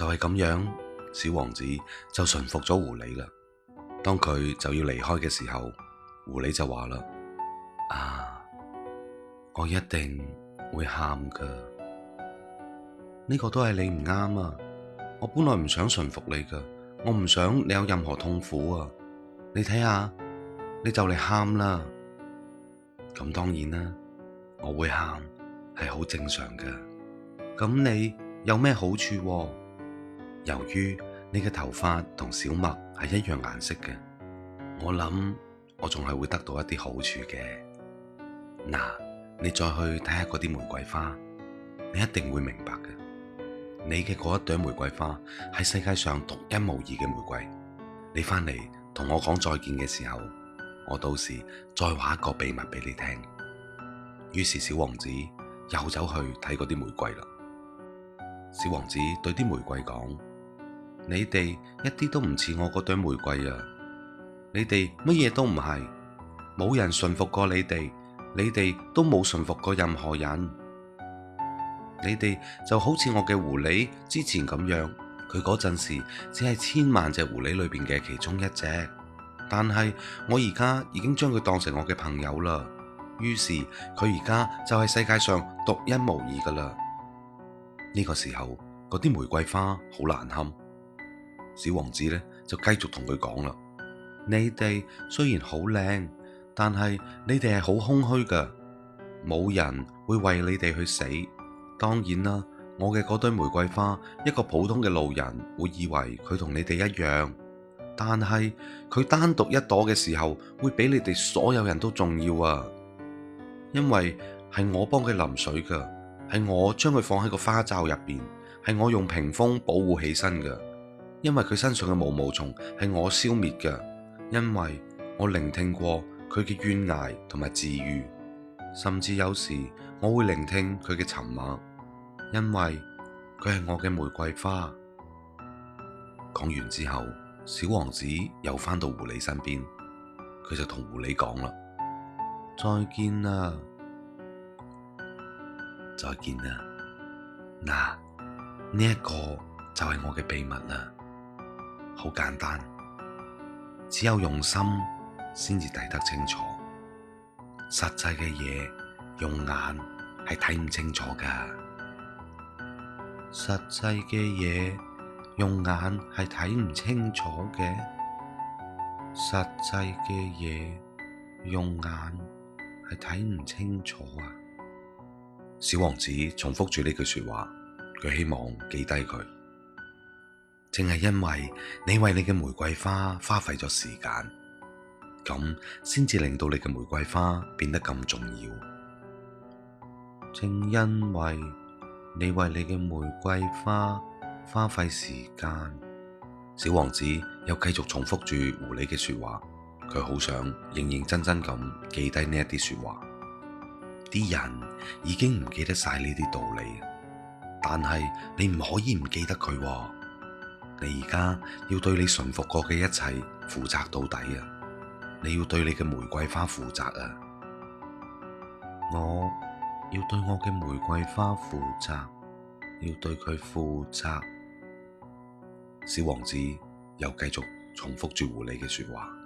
就係咁樣，小王子就馴服咗狐狸啦。當佢就要離開嘅時候，狐狸就話啦：啊，我一定會喊噶。呢個都係你唔啱啊！我本來唔想馴服你噶，我唔想你有任何痛苦啊！你睇下，你就嚟喊啦。咁當然啦，我會喊係好正常噶。咁你有咩好處啊？由於你嘅頭髮同小麥係一樣顏色嘅，我諗我仲係會得到一啲好處嘅。嗱，你再去睇下嗰啲玫瑰花，你一定會明白嘅。你嘅嗰一朵玫瑰花喺世界上獨一無二嘅玫瑰。你翻嚟同我講再見嘅時候，我到時再畫一個秘密俾你聽。於是小王子又走去睇嗰啲玫瑰啦。小王子對啲玫瑰講。你哋一啲都唔似我嗰朵玫瑰啊！你哋乜嘢都唔係，冇人馴服過你哋，你哋都冇馴服過任何人。你哋就好似我嘅狐狸之前咁樣，佢嗰陣時只係千萬隻狐狸裏邊嘅其中一隻，但係我而家已經將佢當成我嘅朋友啦。於是佢而家就係世界上獨一無二噶啦。呢、這個時候，嗰啲玫瑰花好難堪。小王子呢，就繼續同佢講啦：你哋雖然好靚，但係你哋係好空虛噶，冇人會為你哋去死。當然啦，我嘅嗰堆玫瑰花，一個普通嘅路人會以為佢同你哋一樣，但係佢單獨一朵嘅時候，會比你哋所有人都重要啊，因為係我幫佢淋水噶，係我將佢放喺個花罩入邊，係我用屏風保護起身噶因為佢身上嘅毛毛蟲係我消滅嘅，因為我聆聽過佢嘅怨癌同埋治愈，甚至有時我會聆聽佢嘅沉默，因為佢係我嘅玫瑰花。講完之後，小王子又返到狐狸身邊，佢就同狐狸講啦：再見啦，再見啦，嗱，呢一個就係我嘅秘密啦。好簡單，只有用心先至睇得清楚。實際嘅嘢，用眼係睇唔清楚噶。實際嘅嘢，用眼係睇唔清楚嘅。實際嘅嘢，用眼係睇唔清楚啊！小王子重複住呢句說話，佢希望記低佢。正係因為你為你嘅玫瑰花花費咗時間，咁先至令到你嘅玫瑰花變得咁重要。正因為你為你嘅玫瑰花花費時間。小王子又繼續重複住狐狸嘅說話。佢好想認認真真咁記低呢一啲說話。啲人已經唔記得晒呢啲道理，但係你唔可以唔記得佢。你而家要對你馴服過嘅一切負責到底啊！你要對你嘅玫瑰花負責啊！我要對我嘅玫瑰花負責，要對佢負責。小王子又繼續重複住狐狸嘅說話。